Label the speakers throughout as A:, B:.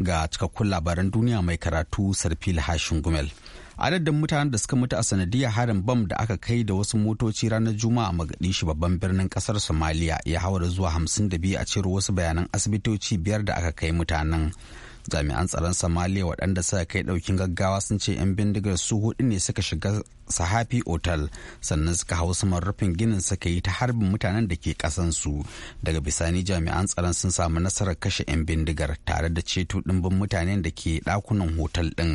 A: ga cikakkun labaran duniya mai karatu sarfil hashin gumel adadin mutanen da suka mutu a sanadiyar harin bam da aka kai da wasu motoci ranar juma'a a shi babban birnin kasar somaliya ya hawa da zuwa 52 a cewar wasu bayanan asibitoci biyar da aka kai mutanen jami'an tsaron somaliya waɗanda suka kai ɗaukin gaggawa sun ce 'yan bindigar su hudu ne suka shiga sahafi otal sannan suka hau saman rufin ginin suka yi ta harbin mutanen da ke kasansu daga bisani jami'an tsaron sun samu nasarar kashe 'yan bindigar tare da ceto ɗimbin mutanen da ke ɗakunan hotel ɗin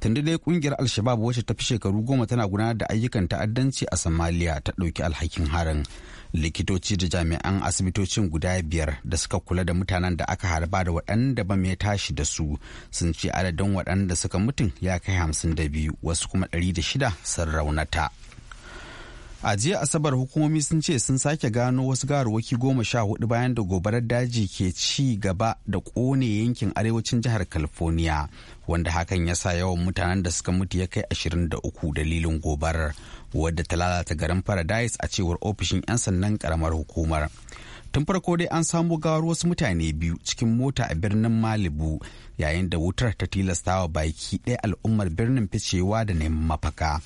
A: tunda dai kungiyar alshabab wacce ta fi shekaru goma tana gudanar da ayyukan ta'addanci a somaliya ta ɗauki alhakin harin likitoci da jami'an asibitocin guda biyar da suka kula da mutanen da aka harba da waɗanda ba mai tashi da su sun ce adadin waɗanda suka mutum ya kai hamsin da biyu wasu kuma ɗari da shida sun raunata. a jiya asabar hukumomi sun ce sun sake gano wasu gawarwaki goma sha hudu bayan da gobarar daji ke ci gaba da kone yankin arewacin jihar california wanda hakan ya sa yawan mutanen da suka mutu ya kai ashirin da uku dalilin gobarar wadda ta lalata garin paradise a cewar ofishin 'yan sannan karamar hukumar tun farko dai an samu gawar wasu mutane biyu cikin mota a birnin malibu yayin da wutar ta tilastawa baki ɗaya al'ummar birnin ficewa da neman mafaka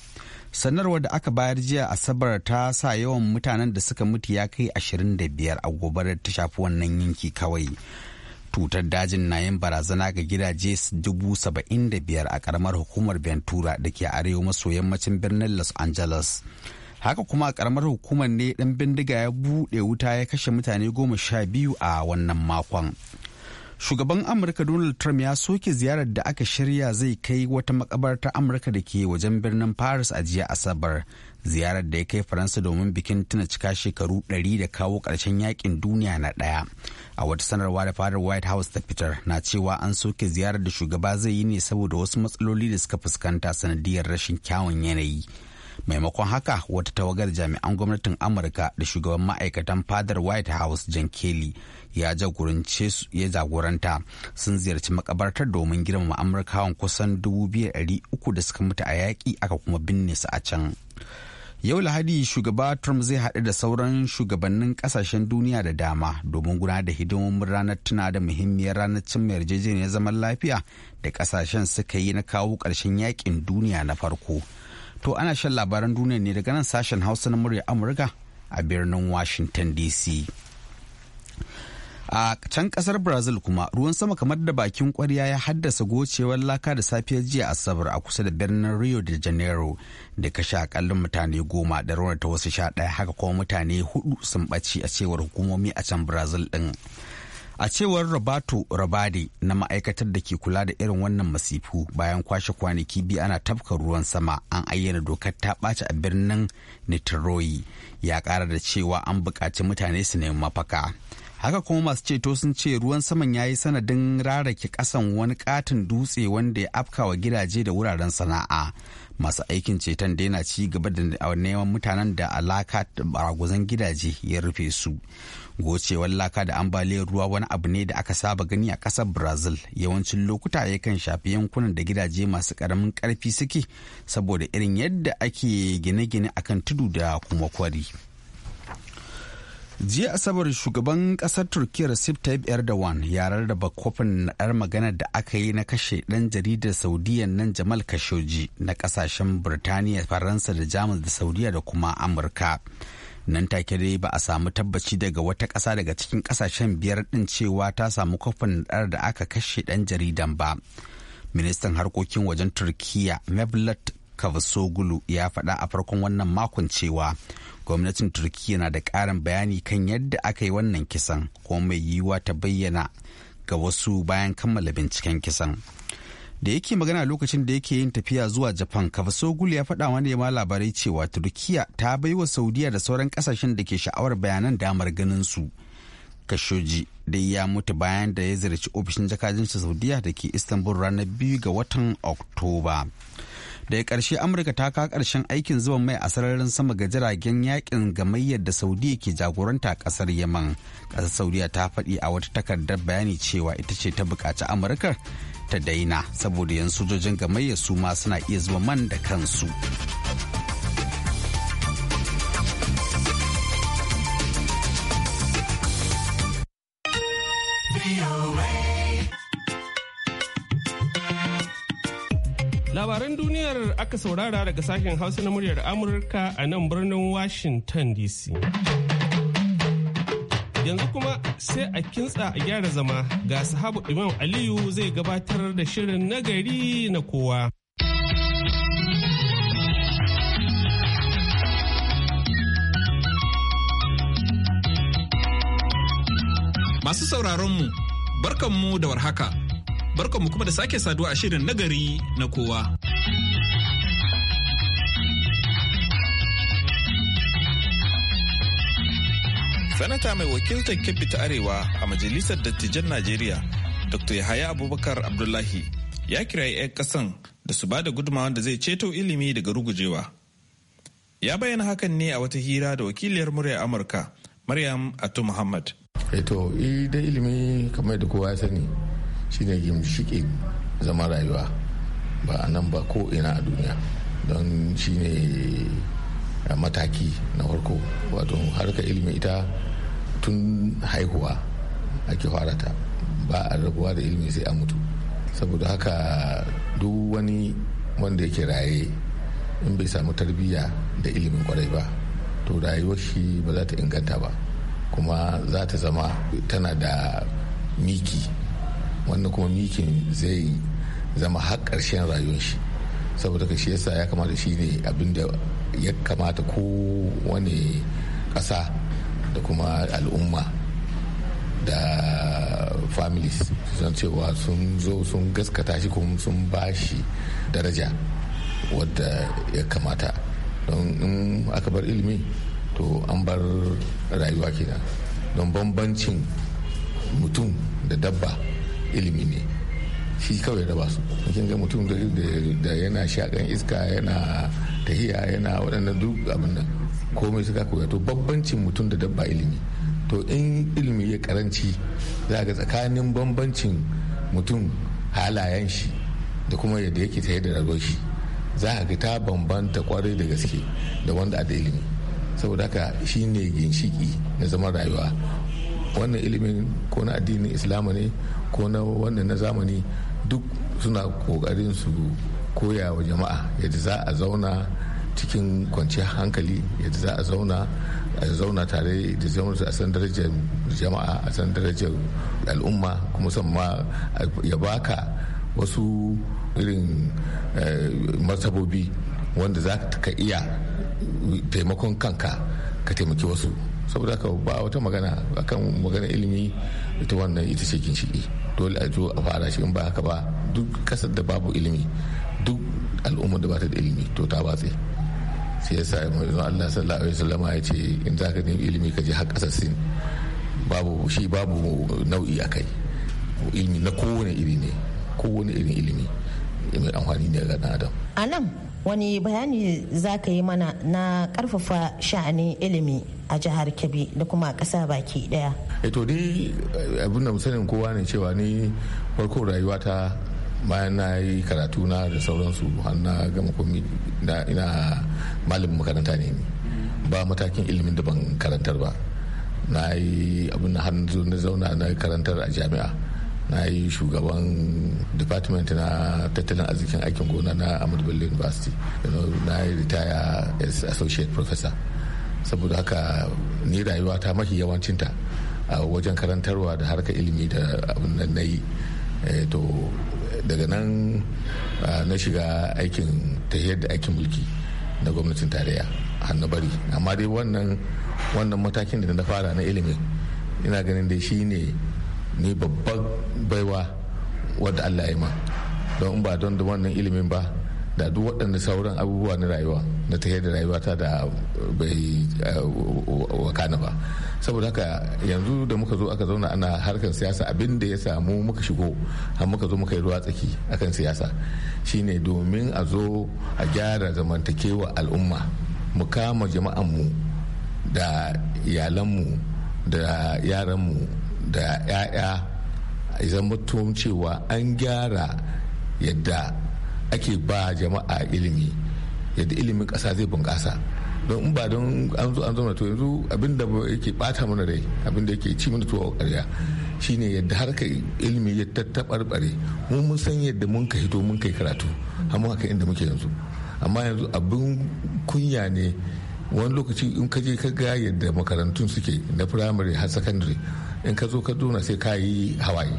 A: sanarwar da aka bayar jiya asabar ta sa yawan mutanen da suka mutu ya kai 25 a gobarar ta shafi wannan yanki kawai cutar dajin na yin barazana ga gidaje 75,000 a karamar hukumar ventura da ke arewa maso yammacin birnin los angeles haka kuma a karamar hukumar ne dan bindiga ya buɗe wuta ya kashe mutane goma sha biyu a wannan makon shugaban amurka donald trump ya soke ziyarar da aka shirya zai kai wata makabartar amurka da ke wajen birnin paris a jiya asabar ziyarar da ya kai faransa domin bikin tuna cika shekaru 100 da kawo ƙarshen yakin duniya na ɗaya a wata sanarwa da fadar white house ta fitar na cewa an soke ziyarar da shugaba zai yi ne saboda wasu matsaloli da suka fuskanta sanadiyar rashin kyawun yanayi maimakon haka wata tawagar jami'an gwamnatin amurka da shugaban ma'aikatan fadar white house jan kelly ya jagorance su jagoranta sun ziyarci makabartar domin girmama amurkawan kusan 2,300 da suka mutu a yaƙi aka kuma binne su a can yau lahadi shugaba trump zai haɗu da sauran shugabannin kasashen duniya da dama domin gudanar da hidimomin ranar tuna da muhimmiyar ranar cin yarjejeniyar zaman lafiya da ƙasashen suka yi na kawo ƙarshen yaƙin duniya na farko To ana shan labaran duniya ne daga nan sashen Hausa na murya Amurka a birnin Washington DC. A can kasar Brazil kuma ruwan sama kamar da bakin kwarya ya haddasa gocewar laka da safiyar jiya Asabar a kusa da birnin Rio de Janeiro da kashe akallin mutane goma da ta wasu sha ɗaya haka kuma mutane hudu sun ɓaci a cewar hukumomi a can Brazil ɗin. A cewar Roberto Rabade na ma'aikatar da ke kula da irin wannan masifu bayan kwashe kwanaki biyu ana tafka ruwan sama an ayyana dokar ta ɓaci a birnin nitroyi ya ƙara da cewa an buƙaci mutane su nemi mafaka. Haka kuma masu ceto sun ce ruwan saman ya yi sanadin rarake kasan wani katin dutse wanda ya afkawa gidaje da wuraren sana'a. masu aikin ceton da yana ci gaba da neman mutanen da alaka da baragwazon gidaje ya rufe su gocewar laka da ambaliyar ruwa wani abu ne da aka saba gani a ƙasar brazil yawancin lokuta ya kan shafi yankunan da gidaje masu ƙaramin ƙarfi suke saboda irin yadda ake gine-gine akan tudu da kuma kwari jiya asabar shugaban kasar turkiyya recep tayyip erdogan ya rarraba kofin naɗar magana da aka yi na kashe ɗan jaridar saudiya nan jamal kashoji na kasashen birtaniya faransa da jamus da saudiya da kuma amurka nan take dai ba a samu tabbaci daga wata ƙasa daga cikin ƙasashen biyar ɗin cewa ta samu kofin ɗar da aka kashe ɗan jaridan ba ministan harkokin wajen turkiya mevlut cavusoglu ya faɗa a farkon wannan makon cewa gwamnatin turkiya na da ƙarin bayani kan yadda aka yi wannan kisan kuma mai yiwuwa ta bayyana ga wasu bayan kammala binciken kisan da yake magana lokacin da yake yin tafiya zuwa japan kafasogul ya faɗa wani ma labarai cewa turkiya ta bai wa saudiya da sauran kasashen da ke sha'awar bayanan damar ganin su kashoji da ya mutu bayan da ya ziyarci ofishin jakajinsa saudiya da ke istanbul ranar biyu ga watan oktoba daga karshe amurka ta kawo karshen aikin zuwan mai a sararin sama ga jiragen yakin gamayyar da saudiya ke jagoranta kasar yaman ƙasar saudiya ta faɗi a wata takardar bayani cewa ita ce ta buƙaci amurka ta daina saboda yan sojojin gamayya su ma suna iya zuwa man da kansu.
B: Labaran duniyar aka saurara daga sashen Hausa na muryar Amurka a nan birnin Washington DC. yanzu kuma sai a kintsa a gyara zama ga sahabu imam aliyu zai gabatar da shirin nagari na
C: kowa masu sauraronmu barkanmu da warhaka barkanmu kuma da sake saduwa a shirin nagari na kowa sanata mai wakiltar kebbi ta arewa a majalisar dattijan najeriya dr yahaya abubakar abdullahi ya kirayi 'yan kasan da su ba da gudunmawa da zai ceto ilimi daga rugujewa ya bayyana hakan ne a wata hira da wakiliyar murya amurka maryam atu muhammad eto
D: eh idan eh, ilimi kamar da kowa ya sani shine gimshiƙi zama rayuwa ba a nan ba ko ina a duniya don shine eh, mataki na farko wato harkar ilimi ita tun haihuwa ake farata ba a rabuwa da ilimi sai a mutu saboda haka duk wani wanda yake raye in bai samu tarbiyya da ilimin kwarai ba to rayuwar shi ba za ta inganta ba kuma za ta zama tana da miki wanda kuma mikin zai zama har ƙarshen rayuwar shi saboda ka shi yasa ya kamata shi ne abinda ya kamata ko wani ƙasa da kuma al'umma da families sun cewa sun zo sun gaskata shi kuma sun ba shi daraja wadda ya kamata don in aka bar ilimi to an bar rayuwa kenan don bambancin mutum da dabba ilimi ne shi kawai raba su kin ga mutum da yana shakan iska yana tahiya yana waɗannan duk abin nan komai suka koya to bambancin mutum da dabba ilimi to in ilimi ya karanci za ga tsakanin bambancin mutum halayen shi da kuma yadda yake ta da rago shi za ga ta bambanta kwarai da gaske da wanda a da ilimi saboda haka shi ne ginshiki na zama rayuwa wannan ilimin ko na addinin islamu ne ko na wannan na zamani duk suna kokarin su koya wa jama'a yadda za a zauna cikin kwanciyar hankali yadda za a zauna a zauna tare da jama'a a san darajar jama'a a san darajar al'umma kuma musamman ya baka wasu irin eh, martabobi wanda za ka iya taimakon kanka ka taimaki wasu saboda ka ba wata magana akan magana ilimi ita wannan ita ce ginshiki dole a zo a fara shi in ba haka ba duk kasar da babu ilimi duk al'ummar da ba ta da ilimi to ta batse shi sa manzon Allah sallallahu alaihi wasallam ya ce in za ka nemi ilimi ka je har ƙasar Sin babu shi babu nau'i akai ilimi na kowane iri ne kowane irin ilimi mai amfani ne ga dan adam
E: a wani bayani za ka yi mana na karfafa sha'anin ilimi a jihar kebbi da kuma ƙasa baki daya
D: eto eh ni abin da sanin kowa ne cewa ni farko rayuwata bayan na yi karatu na da sauransu har na gama komi da ina malamin makaranta ne ba matakin ilimin da ban karantar ba na yi abin na hannu na zauna na karantar a jami'a na yi shugaban department na tattalin arzikin aikin gona na ahmadu bello university na yi ritaya as associate professor saboda haka ni rayuwa ta mafi yawancinta a wajen karantarwa da harkar ilimi da abin nan na yi eh, to daga nan na shiga aikin ta da aikin mulki na gwamnatin tarayya hannu bari amma dai wannan matakin da na fara na ilimi ina ganin dai shi ne ni babban baiwa wadda allah ya ma don ba don da wannan ilimin ba da duk waɗanda sauran abubuwa na rayuwa da ta da rayuwa uh, ta da bai uh, wakana ba saboda haka yanzu da muka zo aka zauna ana harkar siyasa abin da ya samu muka shigo har muka zo muka yi ruwa tsaki akan siyasa shine domin a zo a gyara zamantakewa al'umma mu kama jama'anmu da iyalanmu da yaranmu da 'ya'ya idan mutum cewa an gyara yadda ake ba jama'a ilimi yadda ilimin ƙasa zai bunƙasa don in ba don an zo an zama to yanzu abin da yake bata mana rai abin da yake ci mana tuwa ƙarya shine yadda har ka ilimi ya tattaɓarɓare mun mun san yadda mun ka hito mun kai karatu amma haka inda muke yanzu amma yanzu abin kunya ne wani lokaci in ka je ka ga yadda makarantun suke na firamare har sakandare in ka zo ka zo sai ka yi hawaye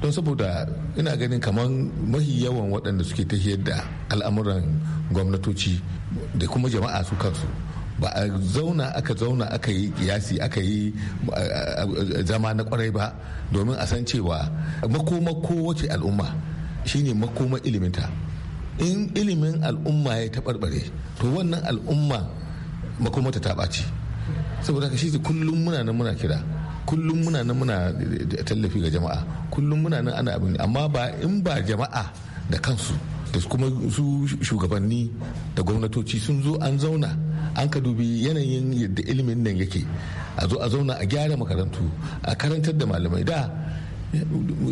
D: don saboda ina ganin kamar mahi yawan waɗanda suke tafiyar da al'amuran gwamnatoci da kuma jama'a su kansu ba a zauna aka zauna aka yi kiyasi aka yi eh, zama na kwarai ba domin a san cewa makoma kowace al'umma shine makoma iliminta in ilimin al'umma ya taɓarɓare to wannan al'umma makomata ta ɓaci saboda ka shi kullum muna nan muna kira kullum muna nan muna tallafi ga jama'a kullum muna nan ana abin amma ba in ba jama'a da kansu da kuma su shugabanni da gwamnatoci sun zo an zauna an ka dubi yanayin yadda ilimin nan yake a zo a zauna a gyara makarantu a karantar da malamai da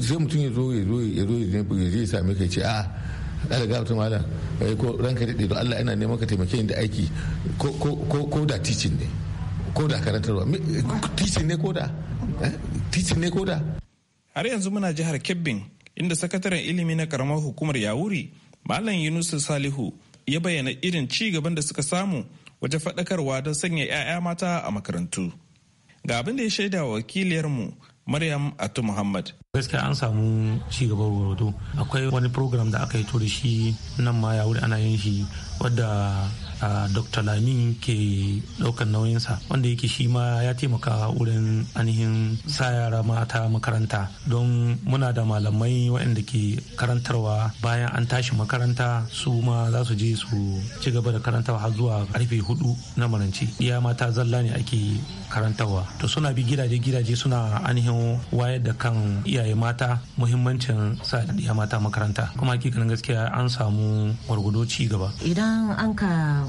D: sai mutum ya zo ya zo ya zo ya je ya same ce a ala gafta malam ko ranka daɗe don allah ina neman ka taimake da aiki ko da ticin
C: ne koda karantarwa ne koda da eh? ne koda. har yanzu muna jihar kebbin inda sakataren ilimi na karamar hukumar yawuri malam yunusu salihu ya bayyana irin ci gaban da suka samu wajen faɗakarwa don sanya 'ya'ya mata a makarantu ga abin da ya shaida wa wakiliyarmu maryam atu muhammad
F: gaskiya an samu cigaban rubutu akwai wani program da aka yi to shi nan ma ya wuri ana yin shi wadda a dr lami ke daukan nauyinsa wanda yake shi ma ya taimaka wurin ainihin sa yara mata makaranta don muna da malamai waɗanda ke karantarwa bayan an tashi makaranta su ma za su je su ci gaba da karantawa har zuwa karfe hudu na maranci iya mata zalla ne ake karantarwa to suna bi gidaje gidaje suna ainihin wayar da kan iyaye kiyaye mata muhimmancin sa ɗiya mata makaranta kuma hakikanin gaskiya an samu gwargwado ci gaba
E: idan an ka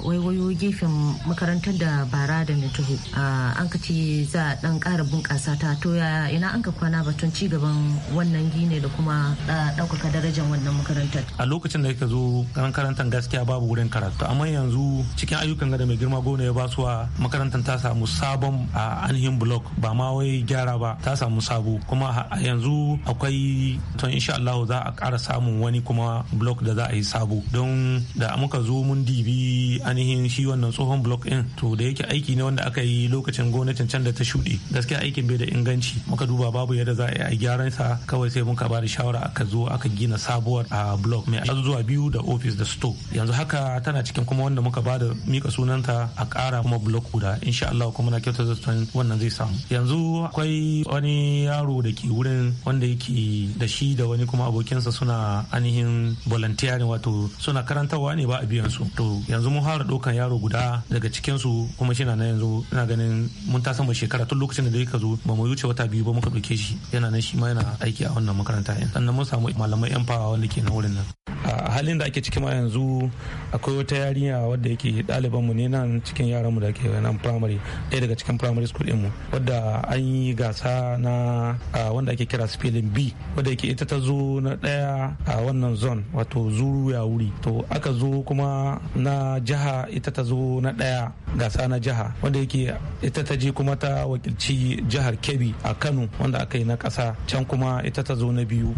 E: gefen makarantar da bara da na tuhu an ka ce za a dan kara bunkasa ta to ya ina an ka kwana batun ci gaban wannan gine da kuma ɗaukaka darajar wannan makarantar
F: a lokacin da kika zo karantar gaskiya babu wurin karatu amma yanzu cikin ayyukan gada mai girma gona ya ba basuwa makarantar ta samu sabon a anihin block ba ma wai gyara ba ta samu sabo kuma a yanzu akwai ton insha Allah za a kara samun wani kuma block da za a yi sabo don da muka zo mun dibi ainihin shi wannan tsohon block ɗin to da yake aiki ne wanda aka yi lokacin gwamnatin can da ta shuɗe gaskiya aikin bai da inganci muka duba babu yadda za a yi gyaran sa kawai sai muka ba da shawara aka zo aka gina sabuwar a block mai zuwa biyu da ofis da sto yanzu haka tana cikin kuma wanda muka ba da mika sunanta a ƙara kuma block guda insha Allah kuma na kyautar zaton wannan zai samu yanzu akwai wani yaro da ke wurin wanda yake da shi da wani kuma abokinsa suna ainihin volunteer wato suna karantarwa ne ba a biyan su to yanzu mun fara ɗaukan yaro guda daga cikinsu kuma shi na nan yanzu ina ganin mun ta sama shekara tun lokacin da ka zo ba mu wuce wata biyu ba muka ɗauke shi yana nan shi ma yana aiki a wannan makaranta sannan mun samu malamai yan fawa wanda ke na wurin nan halin da ake ciki ma yanzu akwai wata yarinya wadda yake ɗaliban mu ne nan cikin yaran mu da ke nan primary ɗaya daga cikin primary school din mu wadda an yi gasa na wanda ake kira spelling B wadda yake ita ta zo na ɗaya a wannan zone wato zuru ya wuri to aka zo kuma na jiha ita ta zo na ɗaya gasa na jiha wanda yake ita ta je kuma ta wakilci jihar Kebbi a Kano wanda aka yi na ƙasa can kuma ita ta zo na biyu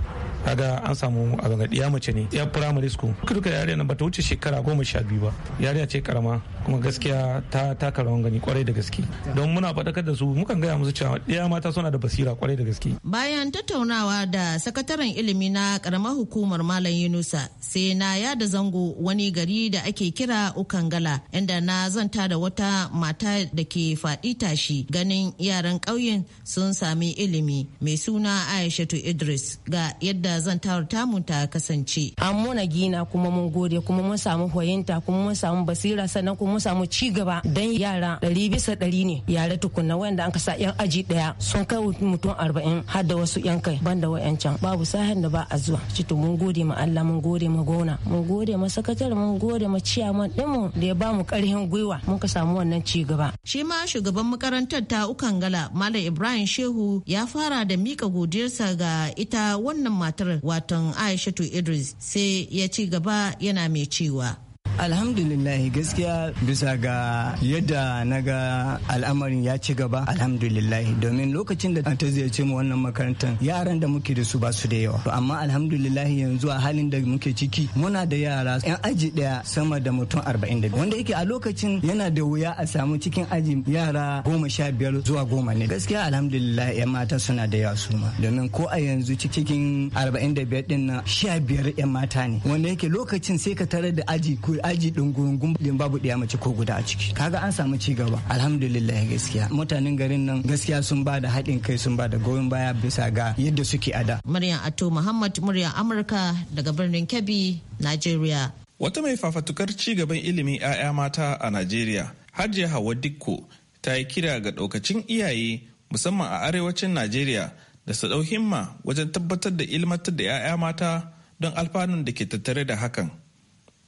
F: kaga an samu a ya mace ne ya primary school duka yariya nan bata wuce shekara goma sha biyu ba yariya ce karama kuma gaskiya ta taka rawan gani kwarai da gaske don muna faɗakar da su mukan gaya musu cewa ɗaya mata suna da basira kwarai da gaske
E: bayan tattaunawa da sakataren ilimi na karamar hukumar malam yunusa sai na yada zango wani gari da ake kira ukangala inda na zanta da wata mata da ke faɗi tashi ganin yaran ƙauyen sun sami ilimi mai suna aishatu idris ga yadda yadda ta tamu ta kasance. An muna gina kuma mun gode kuma mun samu hoyinta kuma mun samu basira sannan kuma mun samu ci gaba dan yara ɗari bisa ɗari ne yara tukunna wanda an kasa yan aji ɗaya sun kai mutum arba'in har da wasu yan kai banda wayancan babu sahen da ba a zuwa. Cito mun gode ma Allah mun gode ma gona mun gode ma sakatar mun gode ma ciyaman ɗinmu da ya ba mu ƙarfin gwiwa mun ka samu wannan ci gaba. Shi ma shugaban makarantar ta ukan gala Malam Ibrahim Shehu ya fara da mika godiyarsa ga ita wannan mata matar watan aishatu idris sai ya ci gaba yana mai cewa alhamdulillah gaskiya
G: bisa ga yadda na ga al'amarin ya ci gaba alhamdulillah domin lokacin da ta ziyarci mu wannan makarantar yaran da muke da su ba su da yawa to amma alhamdulillah yanzu a halin da muke ciki muna da yara yan aji daya sama da mutum 40 wanda yake a lokacin yana da wuya a samu cikin aji yara goma sha biyar zuwa goma ne gaskiya alhamdulillah yan mata suna da yawa su ma domin ko a yanzu cikin 45 din na sha biyar yan mata ne wanda yake lokacin sai ka tare da aji ko aji dungungun din babu ɗaya mace ko guda a ciki kaga an samu ci gaba alhamdulillah gaskiya mutanen garin nan gaskiya sun ba da haɗin kai sun ba da goyon baya bisa ga yadda
C: suke ada. da
E: murya ato muhammad murya amurka daga birnin kebbi nigeria
C: wata mai fafatukar ci gaban ilimin 'ya'ya mata a nigeria hajiya hawa dikko ta yi kira ga ɗaukacin iyaye musamman a arewacin nigeria da su ɗau himma wajen tabbatar da ilmantar da 'ya'ya mata don alfanun da ke tattare da hakan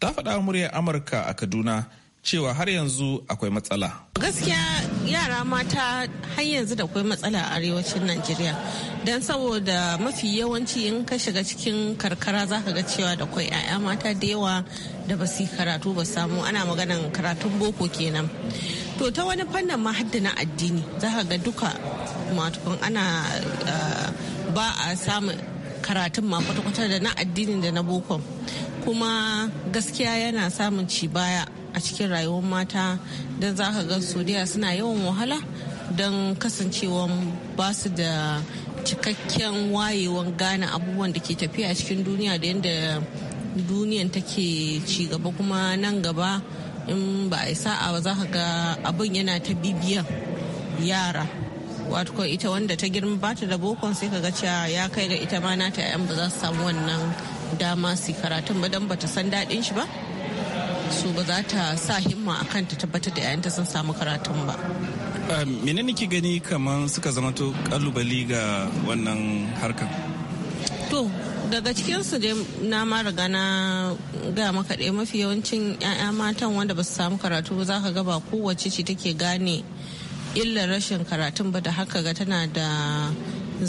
C: ta faɗa muryar amurka a kaduna cewa har yanzu akwai matsala. Gaskiya
H: yara mata har yanzu da akwai matsala a arewacin Najeriya. Don saboda mafi yawanci in ka shiga cikin karkara za ka ga cewa da kwai 'ya'ya mata da yawa da ba su karatu ba samu ana maganan karatun boko kenan. To ta wani fannin ma na addini za ka ga duka matukun ana eh, ba a samun karatun ma kwata-kwata da na addinin da na boko. kuma gaskiya yana samun ci baya a cikin rayuwar mata don za ka ga sodiya suna yawan wahala don kasancewa ba su da cikakken wayewan gane abubuwan da ke tafiya a cikin duniya da yadda duniyan take ci gaba kuma nan gaba in ba a sa'a ba za ka ga abin yana ta bibiyan yara wato ita wanda ta girma ba ta da bokon sai ka ga cewa ya kai ga ita ma nata 'yan ba za su samu wannan dama su karatun ba don bata san daɗin shi ba su ba za ta sa himma akan ta tabbatar da 'ya'yanta sun samu karatun ba
C: menene ki gani kamar suka zama to kalubali ga wannan harkar
H: to daga cikinsu dai na ma riga na ga maka ɗaya mafi yawancin 'ya'ya matan wanda ba su samu karatu ba za ka ga ba kowace ce take gane illar rashin karatun ba da haka ga tana da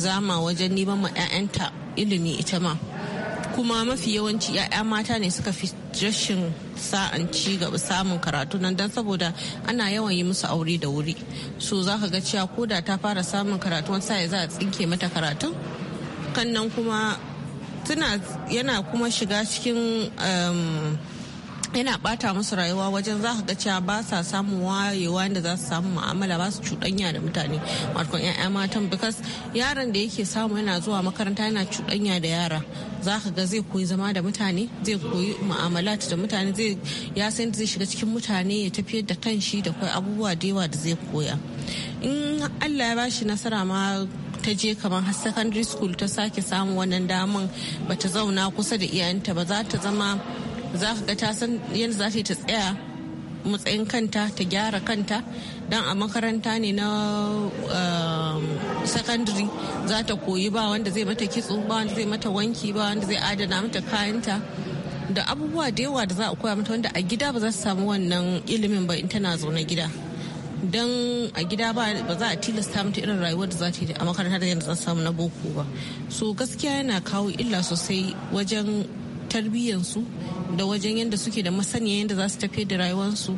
H: zama wajen neman ma 'ya'yanta ilimi ita ma kuma mafi yawanci 'ya'ya mata ne suka fi rashin sa'an ci gaba samun karatu nan don saboda ana yawan yi musu aure da wuri so za ka ga cewa ko da ta fara samun karatu wani sa'a za a tsinke mata karatu kan kuma yana kuma shiga cikin um, yana bata musu rayuwa wajen za ka ga cewa ba sa samun wayewa da za su samu mu'amala ba su cuɗanya da mutane wato 'ya'ya matan because yaron da yake samu yana zuwa makaranta yana cuɗanya da yara za ka ga zai koyi zama da mutane zai koyi mu'amala da mutane zai ya san zai shiga cikin mutane ya tafiyar da kanshi da kwai abubuwa da yawa da zai koya in allah ya bashi nasara ma ta je kamar har secondary school ta sake samu wannan daman bata zauna kusa da iyayenta ba za ta zama za ka ga ta san yadda za ta tsaya matsayin kanta ta gyara kanta don a makaranta ne na um, secondary za ta koyi ba wanda zai mata kitso ba wanda zai mata wanki ba wanda zai adana mata kayanta da abubuwa da yawa da za a koya mata wanda a gida ba za su samu wannan ilimin ba in tana zaune gida don a gida ba za a tilasta mata irin rayuwar da za ta yi a makaranta da yadda za samu na boko ba so gaskiya yana kawo illa sosai wajen tarbiyyansu da wajen yadda suke da masaniya yadda za su tafi da rayuwarsu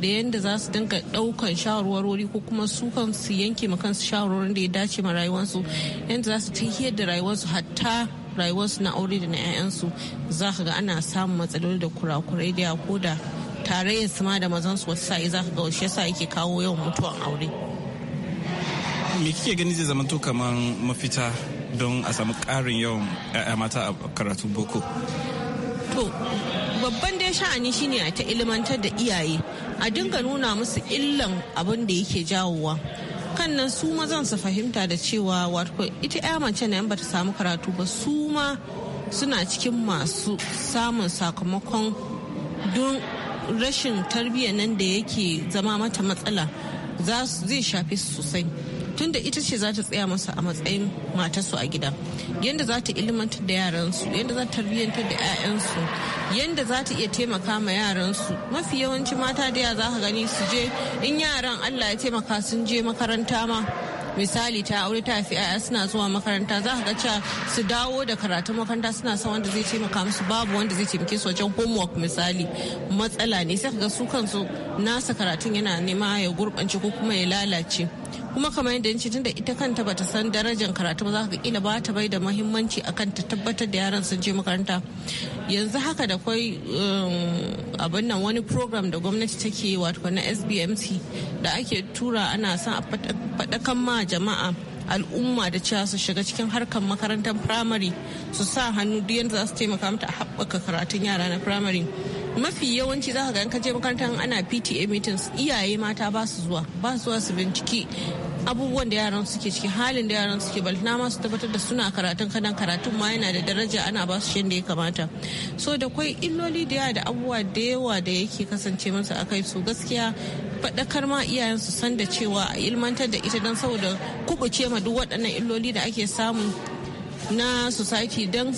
H: da yadda za su dinka daukan shawarwarori ko kuma su kansu yanke ma kansu shawarwarin da ya dace ma rayuwarsu yadda za su tafiyar da rayuwarsu hatta rayuwarsu na aure da na 'ya'yansu za ka ga ana samun matsaloli da kurakurai da ko da tarayyar su ma da mazansu wasu sa'i za ka ga wasu yasa yake kawo yawan mutuwan aure.
C: me kike gani zai zama to kamar mafita don a samu ƙarin yawan 'ya'ya mata a karatun boko
H: to babban dai sha'ani shine a ta ilimantar da iyaye a dinga nuna musu illan abin da yake jawowa kan nan su mazan su fahimta da cewa wato ita ya mace na yan bata samu karatu ba su ma suna cikin masu samun sakamakon don rashin tarbiyyar nan da yake zama mata matsala zai shafe su sosai tunda ita ce za ta tsaya masa a matsayin matarsu a gida yadda za ta ilimantar da yaransu yadda za ta tarbiyyantar da 'ya'yansu yadda za ta iya taimaka ma yaransu mafi yawanci mata da ya za ka gani su je in yaran allah ya taimaka sun je makaranta ma misali ta aure ta fi yaya suna zuwa makaranta za ga cewa su dawo da karatun makaranta suna son wanda zai taimaka musu babu wanda zai taimake su wajen homework misali matsala ne sai ga su kansu nasa karatun yana nema ya gurɓance ko kuma ya lalace kuma kamar yadda ce tunda ita kanta bata san darajar karatu ba za ka kila ba ta bai da muhimmanci akan ta tabbatar da yaran sun je makaranta yanzu haka da kwai um, abin nan wani program da gwamnati take wato na sbmc da ake tura ana son a ma jama'a al'umma da cewa su shiga cikin harkar makarantar firamare su sa hannu duk yadda za su taimaka mata a haɓaka karatun yara na firamare mafi yawanci za ka ga in je makarantar ana PTA meetings iyaye mata ba su zuwa ba su zuwa su binciki abubuwan da yaran suke ciki halin da yaran suke balna ma su tabbatar da suna karatun kanan karatun ma yana da daraja ana ba su da ya kamata so da kwai illoli da yawa da abubuwa da yawa da yake kasance a kai su gaskiya faɗakar ma iyayen su san da cewa ilmantar da ita don saboda kubuce ma duk waɗannan illoli da ake samu na society don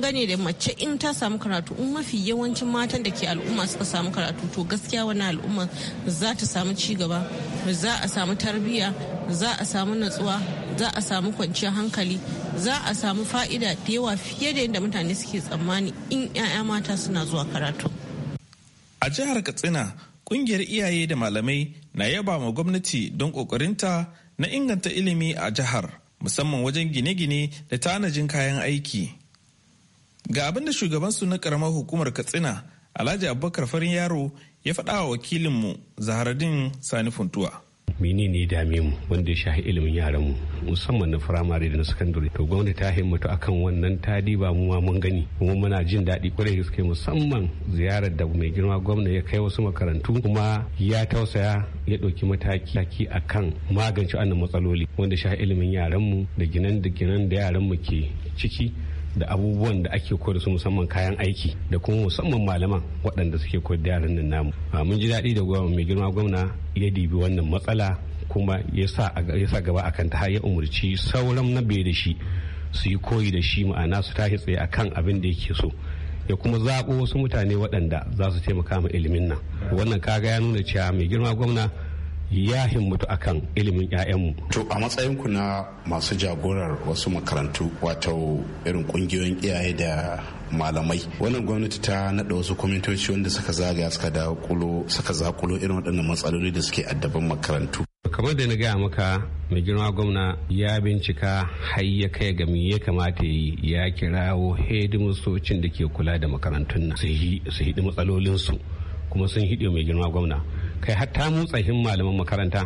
H: gane da mace in ta samu karatu in mafi yawancin matan da ke al'umma suka samu karatu to gaskiya wani al'umma za ta samu cigaba za a samu tarbiyya za a samu natsuwa za a samu kwanciyar hankali za a samu fa'ida da yawa fiye da yadda mutane suke tsammani in 'ya'ya mata suna zuwa karatu
C: a jihar katsina kungiyar iyaye da malamai na yaba ma gwamnati don kokarinta na inganta ilimi a jihar musamman wajen gine-gine da tanajin kayan aiki. Ga abin da shugabansu na karamar hukumar Katsina, Alhaji Abubakar Farin Yaro ya faɗa wa wakilinmu Zaharadin Sani Funtuwa.
G: menene ne dame mu wanda ya shahi ilimin yaran mu musamman na firamare da na sakandare to gwamnati ta himmatu akan wannan ta diba mu ma mun gani kuma muna jin daɗi kwarai gaske musamman ziyarar da mai girma gwamna ya kai wasu makarantu kuma ya tausaya ya ɗauki mataki kan magance wannan matsaloli wanda shahi ilimin yaranmu da ginan da ginan da yaranmu ke ciki da abubuwan da ake koyar su musamman kayan aiki da kuma musamman malaman waɗanda suke koyar da yaran nan namu ah, mun ji daɗi da mai girma gwamna ya dibi wannan matsala kuma ya sa gaba akan ta har ya umarci sauran na bai da shi su yi koyi da shi ma'ana su tashi tsaye a kan abin da yake so ya kuma zaɓo wasu mutane waɗanda za su taimaka ma ilimin nan wannan kaga ya nuna cewa mai girma gwamna ya himmatu akan ilimin 'ya'yanmu. To a matsayinku na masu jagorar wasu makarantu wato irin ƙungiyoyin iyaye da malamai wannan gwamnati ta naɗa wasu kwamitoci wanda suka zagaya suka da kulo suka zakulo irin waɗannan matsaloli da suke addaban makarantu. kamar da na gaya maka mai girma gwamna ya bincika har ya kai ga me ya kamata yi ya kirawo hedimistocin da ke kula da makarantun nan su hidi matsalolinsu kuma sun hidi mai girma gwamna kai har ta mu tsahin malaman makaranta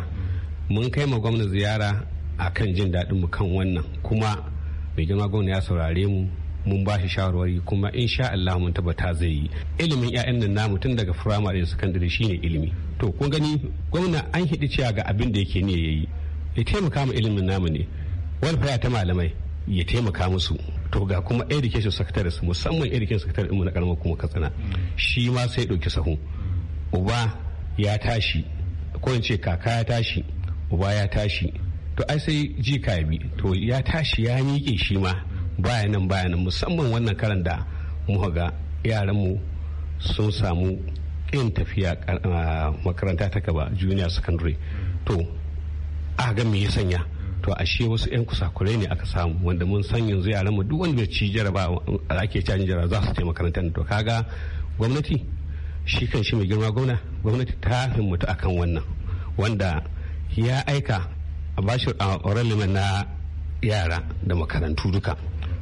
G: mun kai ma gwamna ziyara a kan jin daɗin mu kan wannan kuma mai girma gwamna ya saurare mu mun ba shi shawarwari kuma insha Allah mun tabbata zai yi ilimin ƴaƴan nan namu tun daga firamare da shi shine ilimi to kun gani gwamna an hidi cewa ga abin da yake ne yi ya taimaka mu ilimin namu ne walfaya ta malamai ya taimaka musu to ga kuma education secretary musamman education secretary mu na karamar kuma katsina shi ma sai ɗauki sahu uba ya tashi ko in ce kaka ya tashi uba ya tashi to ai sai ji ka bi to ya tashi ya miƙe shi ma bayanan bayanan musamman wannan karan da muka ga yaranmu sun samu yin tafiya ah, makaranta ta gaba junior secondary to a ga me ya sanya to ashe wasu 'yan kusakurai ne aka samu wanda mun san yanzu yaran mu duk wanda ci jaraba ake cajin jaraba za su taimaka makarantar to kaga gwamnati shi kan shi mai girma gwamna gwamnati ta himmatu akan wannan wanda ya aika a bashi a na yara da makarantu duka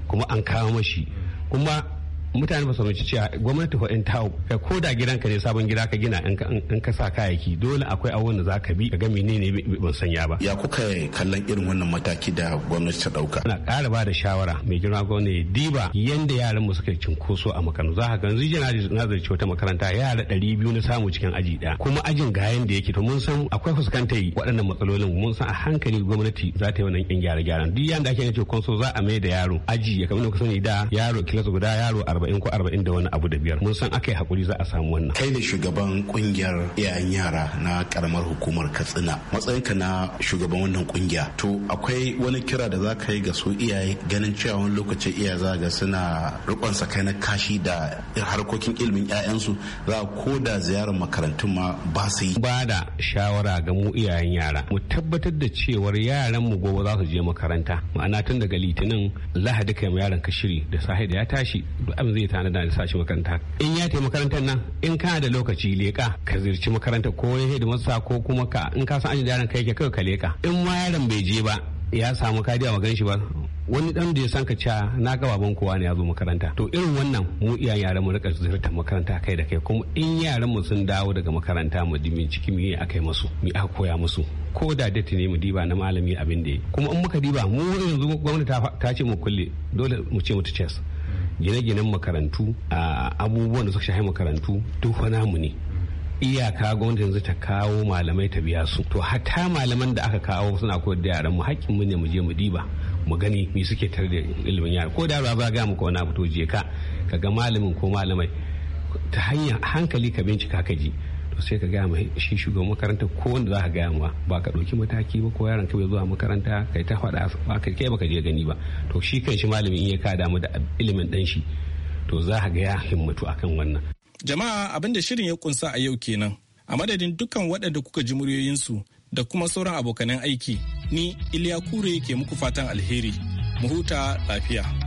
G: kuma an kawo mashi kuma mutane ba su fahimci cewa gwamnati fa in ta ko da gidan ka ne sabon gida ka gina in ka sa kayayyaki dole akwai abubuwan da za ka bi ka ga menene ban sanya ba ya kuka kallon irin wannan mataki da gwamnati ta dauka ana ƙara ba da shawara mai girma gwamnati diba yanda yaran mu suka cinkoso a makarantu za ka ga yanzu na nazarci wata makaranta yara ɗari biyu na samu cikin aji ɗaya kuma ajin ga yanda yake to mun san akwai fuskantar waɗannan matsalolin mun san a hankali gwamnati za ta yi wannan yan gyare-gyaren duk yanda ake yin ce konso za a mai da yaro aji ya ku sani da yaro kilas guda yaro arba'in arba'in ko arba'in da wani abu da biyar mun san aka yi hakuri za a samu wannan kai ne shugaban kungiyar iyayen yara na karamar hukumar katsina matsayinka na shugaban wannan kungiya to akwai wani kira da za ka yi ga su iyaye ganin cewa wani lokacin iyaye za ga suna rikon na kashi da harkokin ilimin 'ya'yansu za ko da ziyarar makarantun ma ba su yi ba da shawara ga mu iyayen yara mu tabbatar da cewar yaran mu gobe za su je makaranta ma'ana tun daga litinin lahadi kai ma yaran ka shiri da sahi da ya tashi abu zai tanada da sashi makaranta in ya taimaka makarantar nan in kana da lokaci leka ka zirci makaranta ko ya hidimarsa ko kuma ka in ka san ajin yaron kai ke kai ka leka in ma yaron bai je ba ya samu kadiya magan shi ba wani dan da ya san ka cewa na ga baban kowa ne ya zo makaranta to irin wannan mu iyayen yaran mu rika ziyartar makaranta kai da kai kuma in yaran mu sun dawo daga makaranta mu dimin ciki mu akai musu mu aka koya musu ko da datti ne mu diba na malami abin da kuma in muka diba mu yanzu gwamnati ta ce mu kulle dole mu ce mu ta gine-ginen makarantu a abubuwan da suka shafi makarantu duk wani mu ne iyaka gwamnati yanzu ta kawo malamai ta biya su to hatta malaman da aka kawo suna koyar da yaran mu hakkin mu ne mu je mu diba mu gani me suke tare da ilimin yara ko da ba ga muka wani abu to je ka kaga malamin ko malamai ta hanya hankali ka bincika ka ji to sai ka gaya shi shugaban makaranta ko wanda za ka gaya ma ba ka ɗauki mataki ba ko yaron ka zuwa makaranta kai ta faɗa ba kai kai baka je gani ba to shi kan shi malamin in ya ka damu da ilimin ɗan shi to za ka gaya himmatu akan wannan. jama'a
C: abinda shirin ya kunsa a yau kenan a madadin dukkan waɗanda kuka ji muryoyinsu da kuma sauran abokanan aiki ni iliya kure ke muku fatan alheri mu huta lafiya.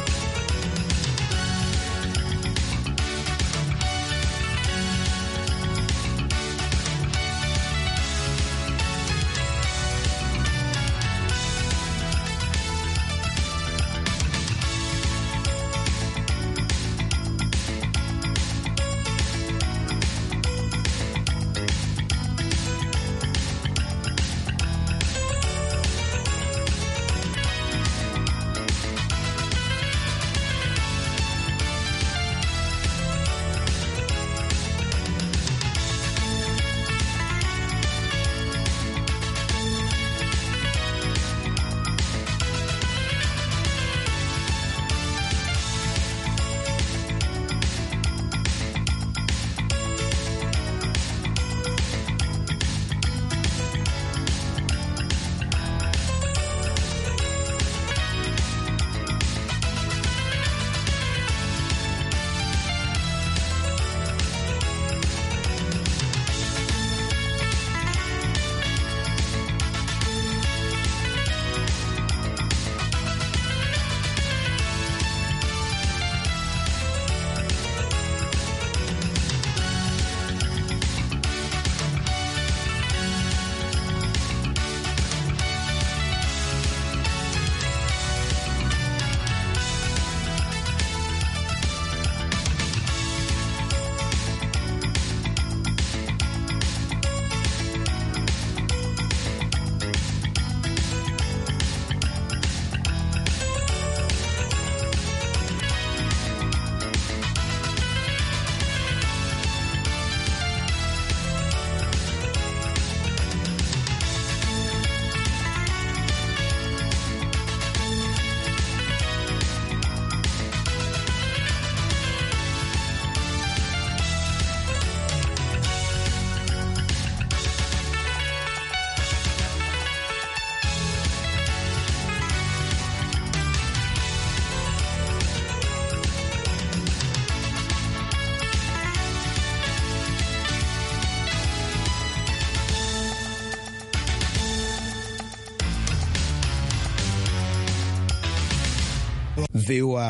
A: you uh,